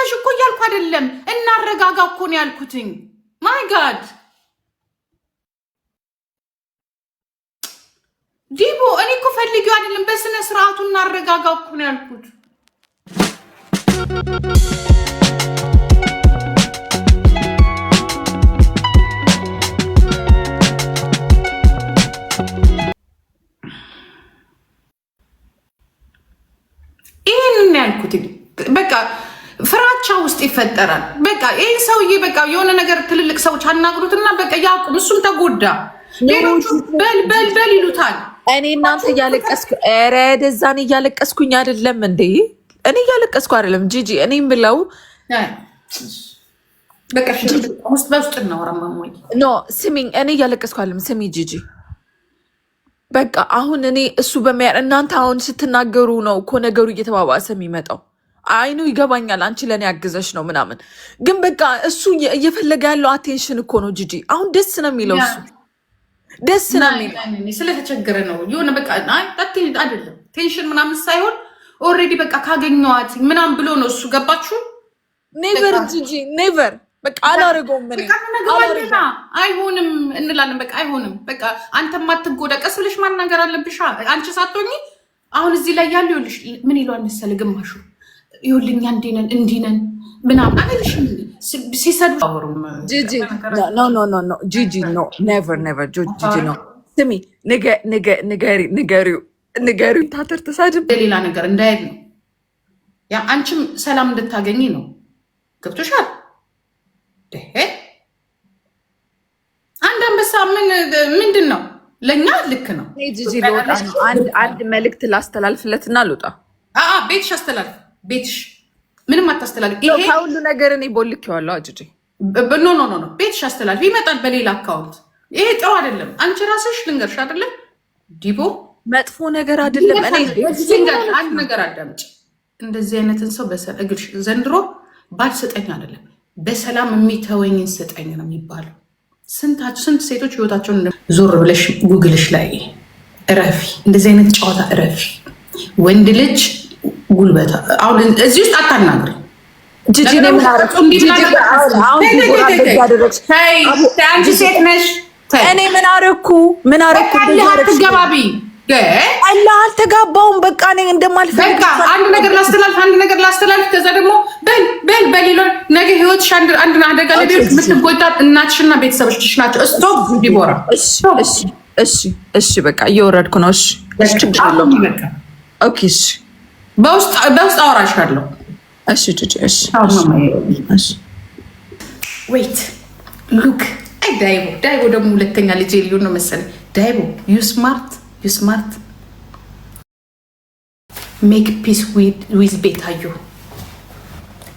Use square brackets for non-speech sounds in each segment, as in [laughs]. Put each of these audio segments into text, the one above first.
ተያዥ እኮ እያልኩ አይደለም፣ እናረጋጋ እኮ ነው ያልኩትኝ። ማይ ጋድ ዲቦ፣ እኔ እኮ ፈልጌው አይደለም፣ በስነ ስርዓቱ እናረጋጋ እኮ ነው ያልኩት። ውስጥ ይፈጠራል። በቃ ይህን ሰውዬ በቃ የሆነ ነገር ትልልቅ ሰዎች አናግሩትና በቃ ያቁም። እሱም ተጎዳ፣ ሌሎቹ በልበልበል ይሉታል። እኔ እናንተ እያለቀስኩ ኧረ ደዛን እያለቀስኩኝ አይደለም እንዴ? እኔ እያለቀስኩ አይደለም ጂጂ። እኔ ምለው ኖ ስሚኝ፣ እኔ እያለቀስኩ አይደለም። ስሚ ጂጂ በቃ አሁን እኔ እሱ በሚያ እናንተ አሁን ስትናገሩ ነው እኮ ነገሩ እየተባባሰ የሚመጣው አይኑ ይገባኛል፣ አንቺ ለእኔ ያግዘሽ ነው ምናምን። ግን በቃ እሱ እየፈለገ ያለው አቴንሽን እኮ ነው ጂጂ። አሁን ደስ ነው የሚለው እሱ ደስ ነው የሚለው ስለተቸገረ ነው የሆነ በቃ አይደለም ቴንሽን ምናምን ሳይሆን ኦልሬዲ በቃ ካገኘዋት ምናምን ብሎ ነው እሱ። ገባችሁ? ኔቨር ጂጂ ኔቨር በቃ አላረገውም። ምን አይሆንም እንላለን። በቃ አይሆንም። በቃ አንተ ማትጎዳ ቀስ ብለሽ ማናገር አለብሻ። አንቺ ሳትሆኚ አሁን እዚህ ላይ ያለው ይኸውልሽ፣ ምን ይለዋል መሰለህ ግማሹ ይኸውልኝ እንዲህ እንዲነን እንዲህ ነን ምናምን አልልሽም። ሲሰዱ ጂጂ ኖ ጂጂ ስሚ ንገሪው ታተር ተሳድብ ሌላ ነገር እንዳይል ነው። ያ አንቺም ሰላም እንድታገኝ ነው። ገብቶሻል። አንድ አንበሳ ምን ምንድን ነው ለእኛ ልክ ነው። ነው። አንድ መልእክት ላስተላልፍለትና ልውጣ። ቤትሽ አስተላልፍ ቤትሽ ምንም አታስተላልፍ። ይሄ ከሁሉ ነገር እኔ ቦልኬዋለሁ። አጅጂ ኖ ኖ ኖ ቤትሽ አስተላልፍ፣ ይመጣል በሌላ አካውንት። ይሄ ጥሩ አይደለም። አንቺ ራስሽ ልንገርሽ አይደለም ዲቦ መጥፎ ነገር አይደለም። አንድ ነገር አዳምጪ። እንደዚህ አይነትን ሰው እግርሽ ዘንድሮ ባል ስጠኝ አይደለም በሰላም የሚተወኝን ስጠኝ ነው የሚባለው። ስንት ሴቶች ህይወታቸውን ዞር ብለሽ ጉግልሽ ላይ እረፊ፣ እንደዚህ አይነት ጨዋታ እረፊ። ወንድ ልጅ ጉልበት አሁን እዚህ ውስጥ አታናግሪ። ሴት ነሽ። እኔ አትገባቢ አልተጋባውም። በቃ እንደማልፈልግ አንድ ነገር ላስተላልፍ፣ አንድ ነገር ላስተላልፍ። ከዛ ደግሞ በል በል በሌሎ ነገ ህይወትሽ አንድ አደጋ ላይ የምትጎዳት እናትሽና ቤተሰቦችሽ ናቸው። ዲቦራ፣ እሺ፣ እሺ፣ እሺ፣ በቃ እየወረድኩ ነው። እሺ፣ እሺ፣ ችግር የለውም። ኦኬ፣ እሺ በውስጥ አወራሻለሁ። እሺ ጂጂ፣ እሺ እሺ። ዌይት ሉክ አይ ዳይቦ ዳይቦ ደግሞ ሁለተኛ ልጅ ሊሆን ነው መሰለኝ። ዳይቦ ዩ ስማርት ዩ ስማርት ሜክ ፒስ ዊዝ ቤታዩ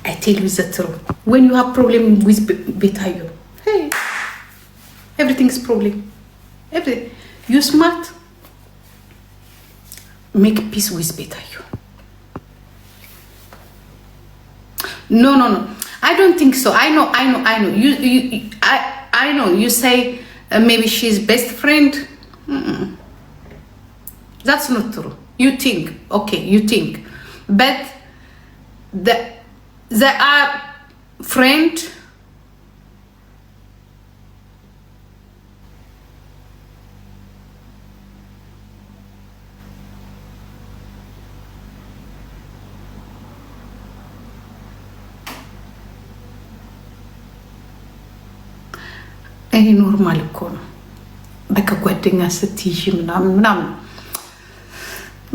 አይ ቴል ዩ ዘ ትሩ ዌን ዩ ሃቭ ፕሮብሌም ዊዝ ቤታዩ ኤቭሪቲንግ ኢዝ ፕሮብሌም ዩ ስማርት ሜክ ፒስ ዊዝ ቤታዩ No, no, no. I don't think so. I know, I know, I know. You, you, I, I know. You say uh, maybe she's best friend. Mm-mm. That's not true. You think, okay, you think, but the they are friend ይሄ ኖርማል እኮ ነው። በቃ ጓደኛ ስትይዥ ምናምን ምናምን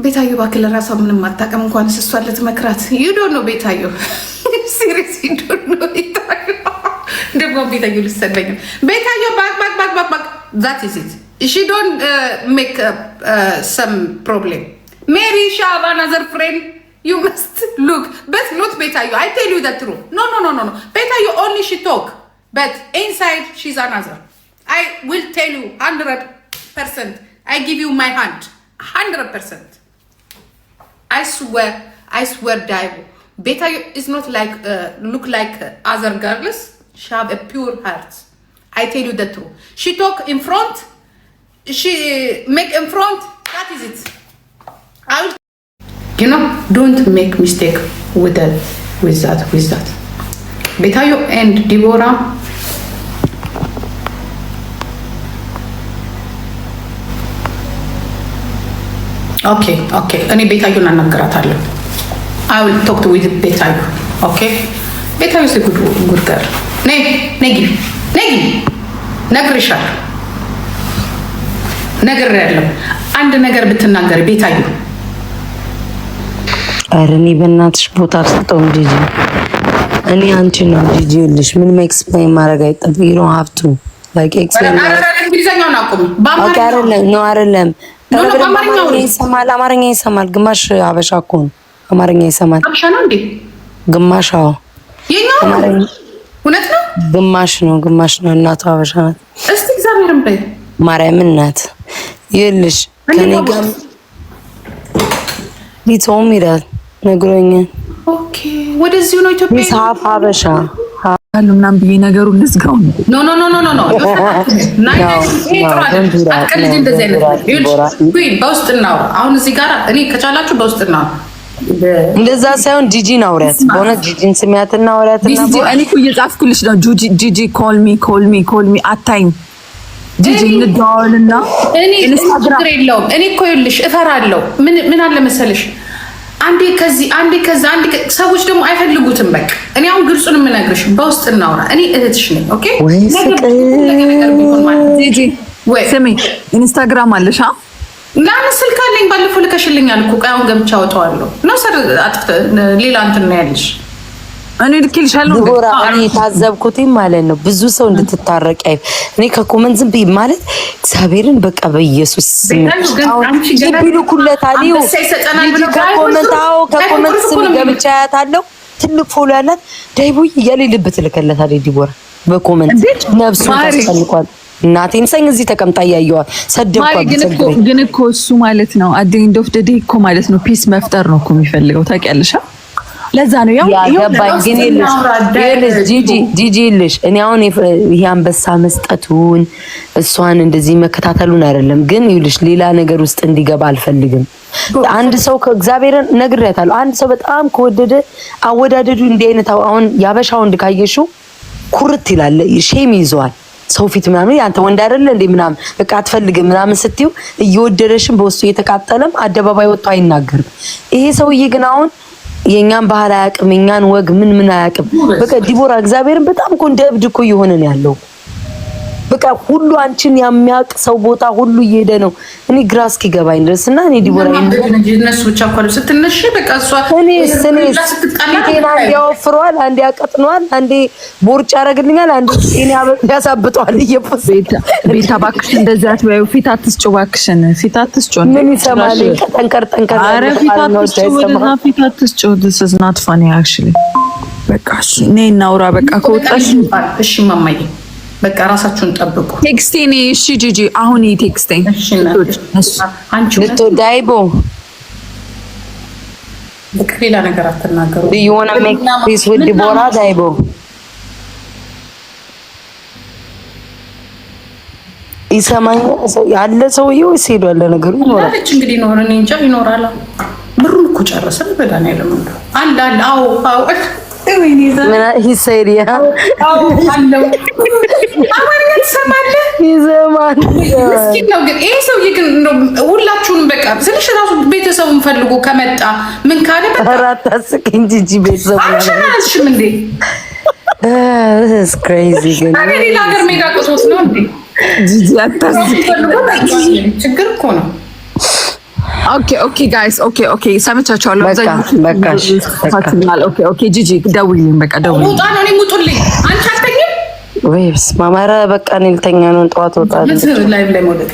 ቤታዩ እባክህ ለራሷ ምንም አታውቅም። እንኳን ስሷ ልትመክራት ዩዶ [laughs] ነው ቤታዩ ሲሪስ ዩዶ ነው ቤታዩ ደግሞ ቤታዩ ልሰደኝ ቤታዩ ባክባክባክባክ ዛት ኢዝ ኢት ሺ ዶን ሜክ ሰም ፕሮብሌም ሜሪ ሻባ ናዘር ፍሬንድ ዩ መስት ሉክ በት ኖት ቤታዩ አይ ቴል ዩ ዘ ትሩ ኖ ኖ ኖ ኖ ቤታዩ ኦንሊ ሺ ቶክ But inside, she's another. I will tell you 100%. I give you my hand. 100%. I swear, I swear, Daigo. Beta is not like, uh, look like other girls. She have a pure heart. I tell you the truth. She talk in front. She make in front. That is it. I will. You know, don't make mistake with that, with that, with that. Betayo and Deborah ኦኬ ኦኬ። እኔ ቤታዩን አናገራታለሁ። አይ ዊል ቶክ ዊዝ ቤታዩ። ኦኬ ቤታዩ ስ ጉድ ጉድ ጋር ነይ ነይ ግቢ ነይ አንድ ነገር ብትናገር ቤታዩ ኧረ እኔ በእናትሽ ቦታ አልሰጠውም። ጂጂ እኔ አንቺ ነው ጂጂ ምንም ኤክስፕሌን ማድረግ አይጠብቅ ነው ሀብቱ ላይክ ኤክስፕሌን ማድረግ ነው አይደለም ይሰማል፣ አማርኛ ይሰማል። ግማሽ አበሻ እኮ ነው። አማርኛ ይሰማል ግማሽ። አዎ እውነት ነው። ግማሽ ነው፣ ግማሽ ነው። እናቱ አበሻ ናት። እስቲ እግዚአብሔርን በይ ማርያምን ናት ይልሽ ከኔ ጋር ሊቶም ይላል ነግሮኛል። ኦኬ ወደዚሁ ነው ኢትዮጵያ ሳፍ አበሻ ይመጣሉ ምናምን ብዬ ነገሩን ልዝጋው ነው። ኖ ኖ ኖ ኖ ኖ እንደዛ ሳይሆን ጂጂ አውሪያት በሆነ ጂጂን ስሚያት እናውሪያት። እኔ እኮ እየጻፍኩልሽ ነው። ጂጂ ኮልሚ ኮልሚ ኮልሚ አታይም ጂጂ እንደዋወልና እኔ እኔ እኮ ይኸውልሽ እፈራለሁ። ምን ምን አለ መሰለሽ አንዴ ከዚህ አንዴ ከዛ አንዴ ሰዎች ደግሞ አይፈልጉትም። በቃ እኔ አሁን ግልጹን የምነግርሽ በውስጥ እናውራ። እኔ እህትሽ ነኝ። ኦኬ ስሚ፣ ኢንስታግራም አለሽ? ለአን ስልክ አለኝ። ባለፈው ልከሽልኛል እኮ። አሁን ገብቼ አወጣዋለሁ ነው። ሰር አጥፍተ ሌላ እንትን ነው ያለሽ እኔ ልክልሻለሁ። እኔ ታዘብኩት ማለት ነው ብዙ ሰው እንድትታረቅ አይ እኔ ከኮመንት ዝም ብዬ ማለት እግዚአብሔርን በቃ በኢየሱስ ስም ከኮመንት ስም ገብቻ ያታለሁ። ትልቅ ፎሎ ያላት ዳይቦይ እያለ ልብ ትልከለታል። ዲቦራ በኮመንት ነብሱ ታስፈልቋል። እናቴን ሰኝ እዚህ ተቀምጣ እያየዋል ሰደብኳል። ግን እኮ እሱ ማለት ነው አደኝ ዶፍ ደዴ እኮ ማለት ነው ፒስ መፍጠር ነው እኮ የሚፈልገው ታውቂያለሽ። ለዛ ነው ያገባኝ። ግን ይኸውልሽ ጂጂ ጂጂ ይልሽ እኔ አሁን ይሄ አንበሳ መስጠቱን እሷን እንደዚህ መከታተሉን አይደለም፣ ግን ይኸውልሽ ሌላ ነገር ውስጥ እንዲገባ አልፈልግም። አንድ ሰው ከእግዚአብሔርን ነግሬያታለሁ። አንድ ሰው በጣም ከወደደ አወዳደዱ እንዲህ አይነት አሁን ያበሻ ወንድ ካየሽው ኩርት ይላል፣ ሼም ይዘዋል ሰው ፊት ምናምን ያንተ ወንድ አይደለ እንዴ ምናምን በቃ አትፈልግም ምናምን ስትዩ እየወደደሽም በውስጡ እየተቃጠለም አደባባይ ወጥቶ አይናገርም። ይሄ ሰውዬ ግን አሁን የእኛን ባህል አያውቅም፣ የእኛን ወግ ምን ምን አያውቅም። በቃ ዲቦራ እግዚአብሔርን በጣም እኮ እንደ እብድ እኮ ያለው በቃ ሁሉ አንቺን የሚያውቅ ሰው ቦታ ሁሉ እየሄደ ነው። እኔ ግራ እስኪገባኝ ድረስ እና እኔ ዲቦራ እነሱ ብቻ እኮ ስትነሽ በቃ እሷ እኔ ጤና ያወፍረዋል፣ አንዴ ያቀጥነዋል፣ አንዴ ቦርጭ ያደርግልኛል፣ አንዴ ጤና ያሳብጠዋል። እየፈሰይታ ቤታ እባክሽ እንደዚህ አትበይው። ፊት አትስጮ እባክሽን፣ ፊት አትስጮ። ምን ይሰማል? ቀጠንቀር ጠንቀር። ኧረ ፊት አትስጮ፣ ወደዛ ፊት አትስጮ። ዲስ ኢዝ ናት ፋኒ አክቹሊ። በቃ እሺ፣ እኔ እናውራ። በቃ ከወጣሽ እሺ፣ ማማዬ በቃ ራሳችሁን ጠብቁ። ቴክስቴ እሺ፣ ጂጂ አሁን ቴክስቴ ልቶ ዳይቦ ሌላ ነገር አትናገሩ። ዩሆነ ሜክ ፒስ ዊዝ ዲቦራ ዳይቦ ይሰማኛ ያለ ሰውዬው ወይስ ሄዱ ያለ ነገሩ ይኖራል። እንግዲህ ይኖረን እንጃ ይኖራል። ብሩን እኮ ጨረሰ በዳን ያለ አለ አለ አዎ ሂሰሪያ ይዘማል ሁላችሁንም በቃ ትንሽ ራሱ ቤተሰቡን ፈልጎ ከመጣ ምን ካለ አራት እንጂ እንጂ ቤተሰቡ አልሽም እንዴ ክሬዚ ግን ሌላ ሀገር ሜዳ ቁሶስ ነው እንዴ ጂጂ አታስቅ ችግር እኮ ነው ኦኬ ኦኬ ጋይስ ኦኬ ኦኬ ሰምቻቸዋለሁ። በቃ በቃ ኦኬ ኦኬ ጂጂ ደውይልኝ። በቃ ደውይልኝ። በቃ እኔ ልተኛ ነው። ጠዋት ወጣለሁ።